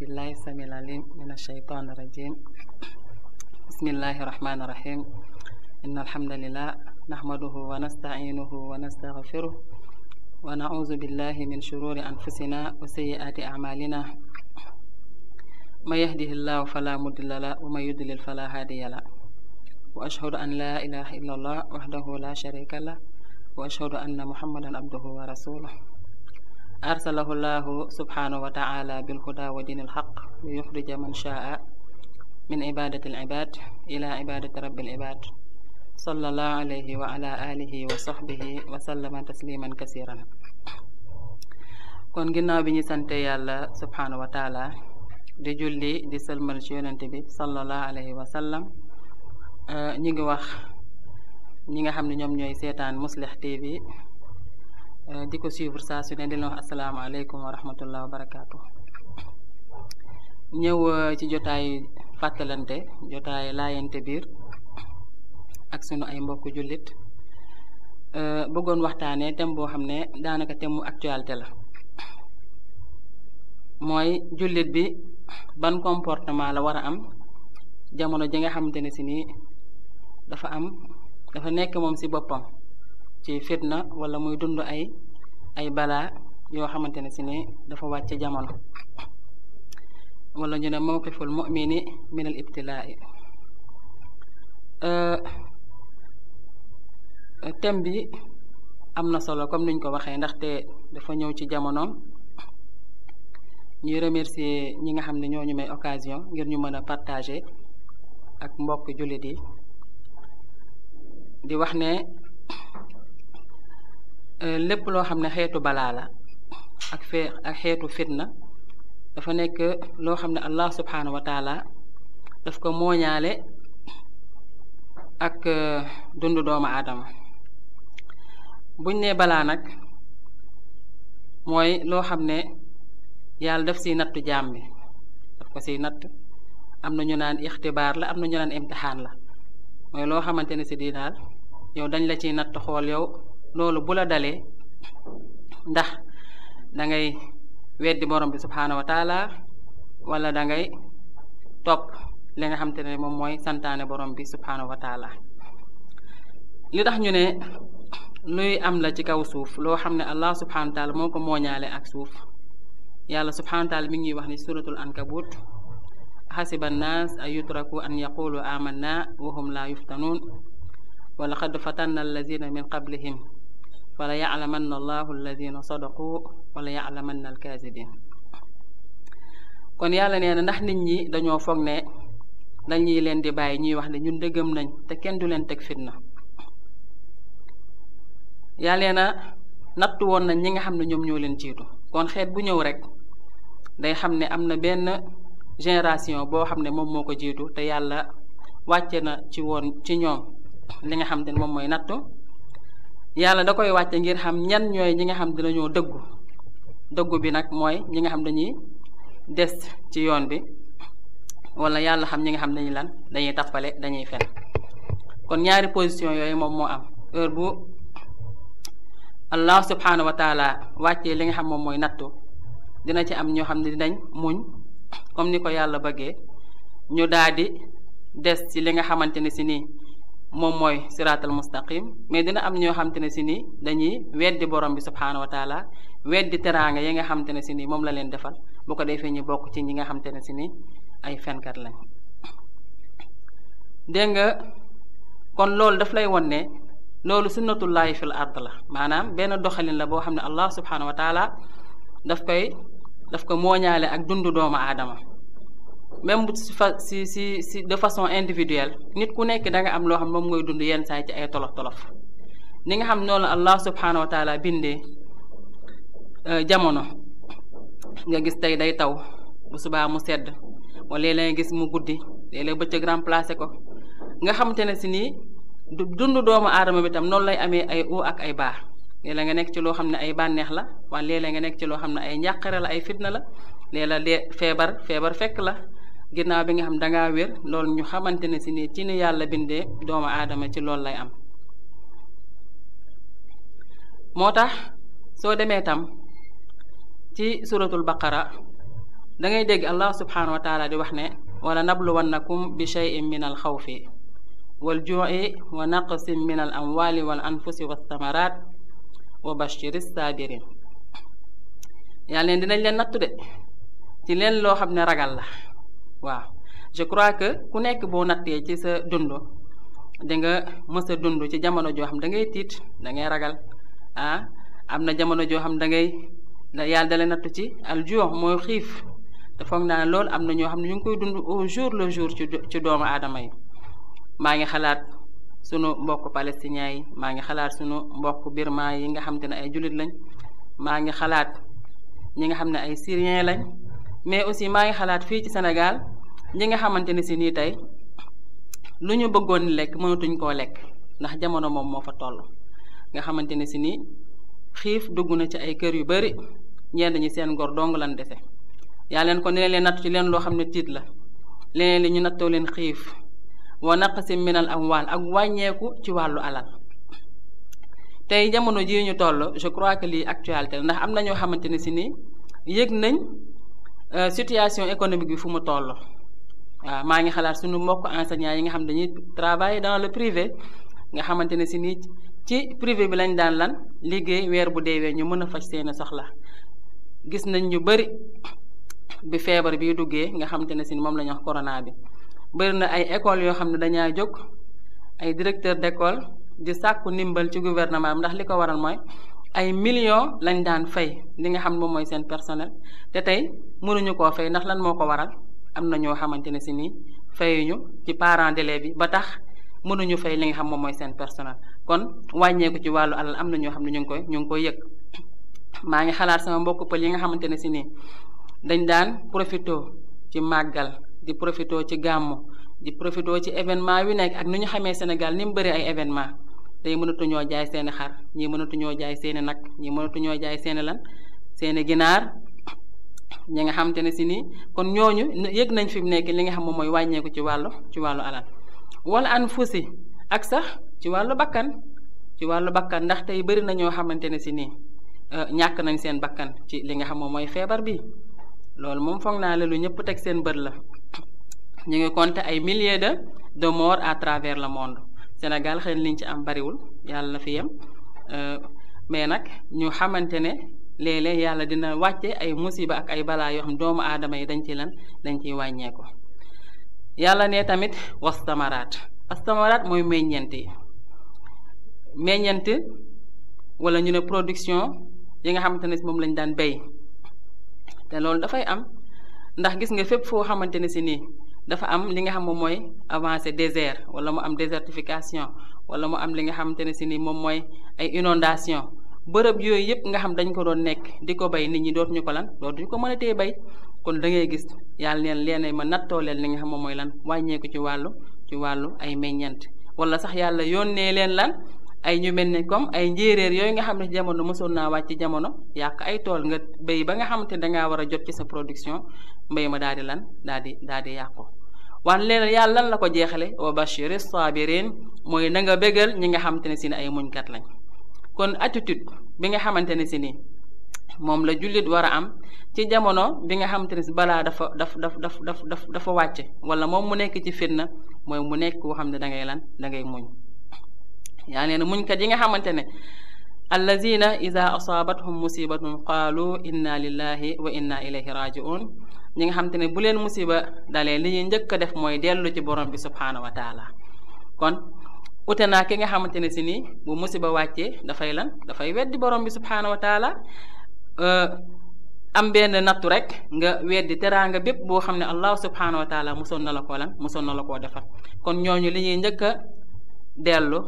بالله السميع العليم من الشيطان الرجيم بسم الله الرحمن الرحيم إن الحمد لله نحمده ونستعينه ونستغفره ونعوذ بالله من شرور أنفسنا وسيئات أعمالنا ما يهده الله فلا مضل له وما يضلل فلا هادي له وأشهد أن لا إله إلا الله وحده لا شريك له وأشهد أن محمدا عبده ورسوله arsalahu llahu subhanahu wa taala bilhuda wa diin alxaq li yuxrija man shaa min ibadati alibad ila ibadati rabbi alibad sallallahu alayhi wa ala alihi wa sahbihi wa sallama tasliman kasiran kon ginnaaw bi ñu sante yàlla subhanahu wa taala di julli di sëlmal ci bi sallallahu alayhi wa sallam euh, ñi ngi wax ñi nga xam ne ñoom ñooy seetaan Mouslih TV Euh, di ko suivre saa su ne di leen wa rahmatullah wa barakaatu. ñëw euh, ci jotaayu fàttalante jotaayu laayante biir ak sunu ay mbokku jullit euh, bëggoon waxtaanee thème boo xam ne daanaka thème mu actualité la mooy jullit bi ban comportement la war a am jamono ji nga xamante ne si nii dafa am dafa nekk moom si boppam. ci fitna wala muy dund ay ay balaa yoo xamante ne si ne dafa wàcce jamono wala ñu ne mawqiful mumini min al ibtilaa'i thème bi am na solo comme niñ ko waxee ndaxte dafa ñëw ci jamonoom ñuy remercier ñi nga xam ne ñoo ñu may occasion ngir ñu mën a partager ak mbokk jullit yi di wax ne Euh, lépp loo xam ne xeetu balaa la ak fee ak xeetu fitna dafa nekk loo xam ne allah subhanahu wa taala daf ko mooñaale ak euh, dundu doomu aadama buñ ne balaa nag mooy loo xam ne yàlla def si nattu jaam bi daf ko si natt am na ñu naan ixtibaar la am na ñu naan la mooy loo xamante ne si di daal yow dañ la ci natt xool yow loolu bu la dalee ndax dangay ngay weddi borom bi subhaanahu wa taala wala da topp li nga xam te ne moom mooy santaane borom bi subhaanahu wa taala li tax ñu ne luy am la ci kaw suuf loo xam ne allah subhaanahu wa moo ko mooñaale ak suuf yàlla subhaanahu wa mi ngi wax ni suratul ankabut xasiba annaas an yutraku an yaqulu la wa hum laa yuftanuun wa laqad fatanna allazina min qablihim wala yalamanna allahu alladina sadaqu wala yalamanna alkaasibin kon yàlla nee na ndax nit ñi dañoo foog ne dañuy leen di bàyyi ñuy wax ne ñun dëggam nañ te kenn du leen teg fitna yàlla nee na nattu woon nañ ñi nga xam ne ñoom ñoo leen jiitu kon xeet bu ñëw rek day xam ne am na benn génération boo xam ne moom moo ko jiitu te yàlla wàcce na ci woon ci ñoom li nga xam ne moom mooy nattu yàlla da koy wàcce ngir xam ñan ñooy ñi nga xam dinañoo dëggu dëggu bi nag mooy ñi nga xam dañuy des ci yoon bi wala yàlla xam ñi nga xam dañuy lan dañuy tappale dañuy fen kon ñaari position yooyu moom moo am heure bu allah subhanahu wa taala wàccee li nga xam moom mooy nattu dina ci am ñoo xam ne dinañ muñ comme ni ko yàlla bëggee ñu daal des ci li nga xamante ne si nii moom mooy siraatal mustaqim mais dina am ñoo xam te ne si nii dañuy weddi borom bi subhaanahu wa taala weddi teraanga yi nga xam te ne si nii moom la leen defal bu ko defee ñu bokk ci ñi nga xam te ne si ni ay fenkat lañ dégg nga kon loolu daf lay won ne loolu sunnatullaahi fil ard la maanaam benn doxalin la boo xam ne allah subhaanahu wataala daf koy daf ko mooñaale ak dundu doomu aadama même si fa si si si de façon individuelle nit ku nekk da nga am loo xam ne moom ngay dund yenn saay ci ay tolof tolof ni nga xam noon allah subhanahu wa taala bindee euh, jamono nga gis tey day taw bu subaa mu sedd wala léeg nga gis mu guddi léeg-léeg ko nga xamante ne si nii dund doomu aadama bi tam noonu lay amee ay ak ay bas léeg nga nekk ci loo xam ne ay bànneex la wala léeg nga nekk ci loo xam ne ay njàqare la ay fitna la léeg-léeg feebar feebar fekk la ginnaaw bi nga xam danga wér lool ñu xamante ne si ni ci ni yàlla bindee doomu aadama ci loolu lay am moo tax soo demee tam ci suratul baqara dangay ngay dégg allah subhanahu wa di wax ne wala nabluwannakum bi cheyin min al xawfi wal juu'i wa naqsin min al amwali wal anfusi wa wa bashiri sabirin yàlla ne dinañ leen nattu de ci leen loo xam ne ragal la waaw je crois que ku nekk boo nattee ci sa dund di nga mës dund ci jamono joo xam da ngay tiit da ngay ragal ah am na jamono joo xam da ngay yàlla dala nattu ci aljuux mooy xiif te foog naa loolu am na ñoo xam ne ñu ngi koy dund au jour le jour ci ci doomu aadama yi maa ngi xalaat sunu mbokk palestiniens yi maa ngi xalaat sunu mbokk birman yi nga xam te ne ay julit lañ maa ngi xalaat ñi nga xam ne ay syriens lañ mais aussi maa ngi xalaat fii ci Sénégal ñi nga xamante ne si nii tey lu ñu bëggoon lekk mënatuñ koo lekk ndax jamono moom moo fa toll nga xamante ne si nii xiif dugg na ci ay kër yu bari ñenn ñi seen ngor dong lan dese yaa leen ko ne leen nattu ci leen loo xam ne tiit la leneen li ñu nattoo leen xiif wa naqsi am amwaal ak wàññeeku ci wàllu alal tey jamono jii ñu toll je crois que lii actualité ndax am na ñoo xamante ne si nii yëg nañ Euh, situation économique bi fu mu toll waaw maa ngi xalaat suñu mbokk enseignants yi nga xam dañuy travailler dans le privé nga xamante ne si nii ci privé bi lañ daan lan liggéey weer bu deewee ñu mën a faj seen soxla gis nañ ñu bëri bi feebar bi duggee nga xamante ne si moom la ñu wax corona bi bëri na ay école yoo xam ne dañaa jóg ay directeur d'école di sàkku ndimbal ci gouvernement bi ndax li ko waral mooy ay millions lañ daan fay li nga xam moom mooy seen personnel te tey mënuñu koo fay ndax lan moo ko waral am na ñoo xamante ne si nii ñu ci parents d'élèves bi ba tax mënuñu fay li nga xam moom mooy seen personnel kon wàññeeku ci wàllu alal am na ñoo xam ne ñu koy ñu ngi koy yëg maa ngi xalaat sama mbokk pël yi nga xamante ne si nii dañ daan profité ci màggal di profité ci gàmmu di profité ci événement yu nekk ak nu ñu xamee Sénégal ni mu bëri ay événement tey mënatuñoo jaay seeni xar ñii mënatuñoo jaay seeni nag ñii mënatuñoo jaay seeni lan seeni ginaar ñi nga xam ne si nii kon ñooñu yëg nañ fi mu nekk li nga xam moom mooy wàññeeku ci wàllu ci wàllu alal wala an fusi ak sax ci wàllu bakkan ci wàllu bakkan ndax tey bëri na ñoo xamante ne si nii euh, ñàkk nañ seen bakkan ci li nga xam moom mooy feebar bi loolu moom foog naa la lu ñëpp teg seen bët la ñu ngi compter ay milliers de de morts à travers le monde Sénégal xëy na liñ ci am bariwul yàlla na fi yem euh, mais nag ñu xamante ne léeg yàlla dina wàcce ay musiba ak ay balaa yoo xam doomu aadama yi dañ ci lan dañ ciy wàññeeku yàlla ne tamit wastamaraat astamaraat mooy meññeent yi meññeent wala ñu ne production yi nga xamante ne moom lañ daan béy te loolu dafay am ndax gis nga fépp foo xamante ne si nii dafa am li nga xam moom mooy avancée désert wala mu am désertification wala mu am li nga xamante ne si ni moom mooy ay inondation bërëb yooyu yëpp nga xam dañ ko doon nekk di ko bay nit ñi dootuñu ko lan dootuñu ko mën a tee bay kon da ngay gis yàlla leen leen ma nattoo leen li nga xam moom mooy lan wàññeeku ci wàllu ci wàllu ay meññant wala sax yàlla yoon yónnee leen lan ay ñu mel ne comme ay njéeréer yooyu nga xam ne jamono mosoon naa wàcc jamono yàq ay tool nga béy ba nga xamante ne dangaa war a jot sa production mbéy ma daal di lan daal di daal di yàqu wan leen yàlla lan la ko jeexale wa bi sabirin mooy nanga nga bégal ñi nga xamante ne si ni ay muñkat lañ kon attitude bi nga xamante ne si ni moom la jullit war a am ci jamono bi nga xamante ne balaa dafa daf daf daf daf daf dafa wàcce wala moom mu nekk ci fitna mooy mu nekk koo xam ne da ngay lan da ngay muñ yaa leen muñkat yi nga xamante allazina ida asaabathum musibatun qaalu inna lillahi wa inna ilayhi rajiun ñi nga xam te ne bu leen musiba dalee li ñuy njëkk a def mooy dellu ci borom bi subhaanahu wa taala kon ute naa ki nga xamante ne si nii bu musiba wàccee dafay lan dafay weddi borom bi subhaanahu wa taala am benn nattu rek nga weddi teraanga bépp boo xam ne allah subhaanahu wa taala mosoon na la ko lan mosoon na la koo defal kon ñooñu li ñuy dellu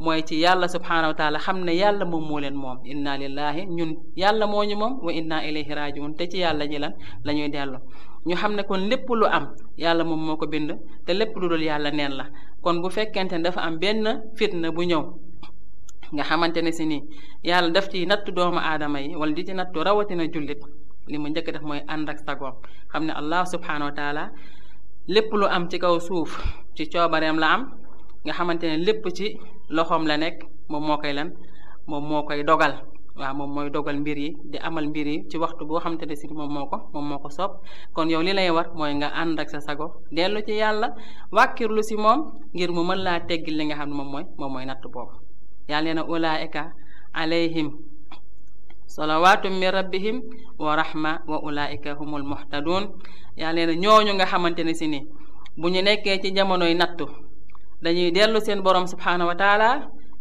mooy ci yàlla subhaanahu wa xam ne yàlla moom moo leen moom inna lillahi ñun yàlla moo ñu moom wa inna ilayhi rajiun te ci yàlla ji lan la ñuy dellu ñu xam ne kon lépp lu am yàlla moom ko bind te lépp lu dul yàlla neen la kon bu fekkente ne dafa am benn fitna bu ñëw nga xamante ne si nii yàlla def ci nattu doomu aadama yi wala di ci nattu rawatina jullit li mu njëkk def mooy ànd ak sagoom xam ne allah subhaanahu lépp lu am ci kaw suuf ci coobareem la am nga loxoom la nekk moom moo koy lan moom moo koy dogal waaw moom mooy dogal mbir yi di amal mbir yi ci waxtu boo xamante ne si moom moo ko moom moo ko soob kon yow li lay war mooy nga ànd ak sa sago dellu ci yàlla lu si moom ngir mu mën laa teggil li nga xam ne moom mooy moom mooy natt boobu yàlla nee na ulaayika alayhim salawaatum min rabbihim wa rahma wa ulaayika humul muhtadun yàlla nee na ñooñu nga xamante ne si ni bu ñu nekkee ci jamonoy nattu dañuy dellu seen borom subhaanahu wa taala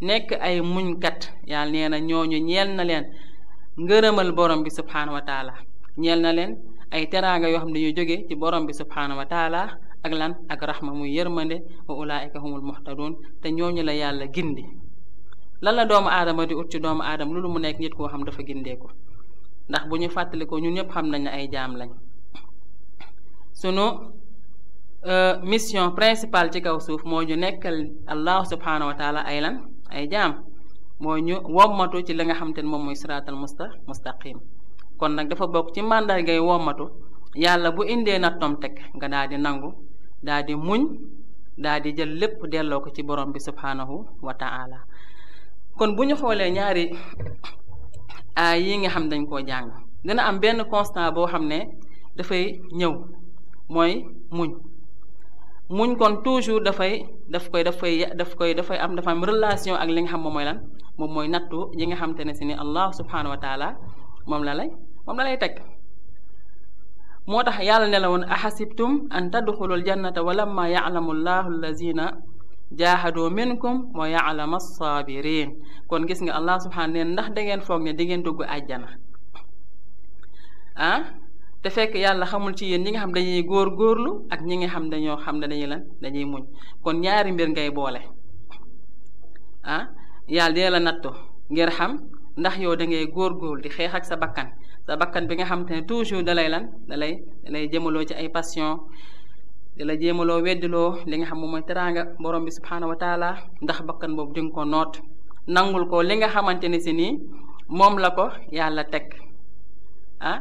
nekk ay muñkat yàlla nee na ñooñu ñeel na leen ngërëmal boroom bi subhaanahu wa taala ñeel na leen ay teraanga yoo xam ne dañuy jóge ci boroom bi subhaanahu wa taala ak lan ak raxma muy yërmande wa ulaayika humul muhtadun te ñooñu la yàlla gindi lan la doomu aadama di ut ci doomu aadama loolu mu nekk nit koo xam dafa gindee ko ndax bu ñu fàttalikoo ñun ñëpp xam nañ ne ay jaam lañ sunu Euh, mission principale ci kaw suuf moo ñu nekkal allahu subhanahu wa ay lan ay jaam moo ñu wommatu ci li nga xam te ne moom mooy siraatal musta mustaqim kon nag dafa bokk ci màndar womatu yàlla bu indee na nattoom teg nga daal di nangu daal di muñ daal di jël lépp delloo ko ci borom bi subhanahu wa taala kon bu ñu xoolee ñaari aay yi nga xam dañ koo jàng dina am benn constat boo xam ne dafay ñëw mooy muñ muñ kon toujours dafay daf koy daf koy daf koy dafay am dafa am relation ak li xam moom mooy lan moom mooy nattu yi nga xam te ne si ni allah subhanahu wa moom la lay moom la lay teg moo tax yàlla ne la woon axasibtum an tadxulul jannata wa lamma yalamu llahu allazina jaahadoo minkum wa yaalama saabiriin kon gis nga allah subhanahu neen ndax da ngeen foog ne di ngeen dugg àjjana ah te fekk yàlla xamul ci yéen ñi nga xam dañuy góor góorlu ak ñi nga xam dañoo xam ne dañuy lan dañuy muñ kon ñaari mbir ngay boole ah yàlla dina la nattu ngir xam ndax yow dangay góor góor di xeex ak sa bakkan sa bakkan bi nga xam te ne toujours dalay lan dalay dalay jëmaloo ci ay passion di la jéemaloo weddiloo li nga xam moom mooy teraanga borom bi subhaanahu wa taala ndax bakkan boobu jëng nga ko noot nangul ko li nga xamante ne si nii moom la ko yàlla teg ah,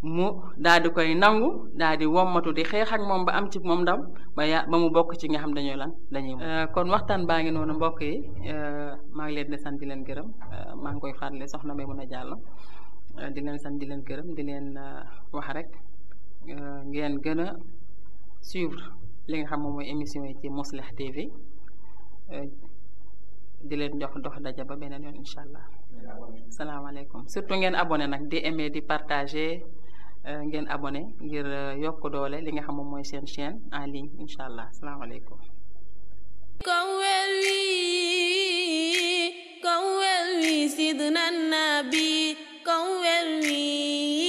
mu daal di koy nangu daal di wommatu di xeex ak moom ba am ci moom ndam ba ba mu bokk ci nga xam dañoo lan dañuy euh, kon waxtaan baa ngi noonu mbokk yi euh, maa ngi leen di sant di leen gërëm euh, maa ngi koy fàttali soxna may mën a jàll di leen sant di leen gërëm di leen wax rek ngeen gën a suivre li nga xam moom mooy émission yi ci Mouslih TV di leen jox dox daja ba beneen yoon incha allah salaamaaleykum surtout ngeen abonné nag di aimer di partager Euh, ngeen abone ngir euh, yokk doole li nga xam moom mooy seen chain en ligne incha allah salaamaaleykum kon weer wi sidna nabi kon weer wi